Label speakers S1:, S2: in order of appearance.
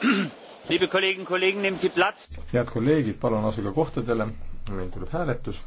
S1: head kolleegid,
S2: palun asuge kohtadele, meil tuleb hääletus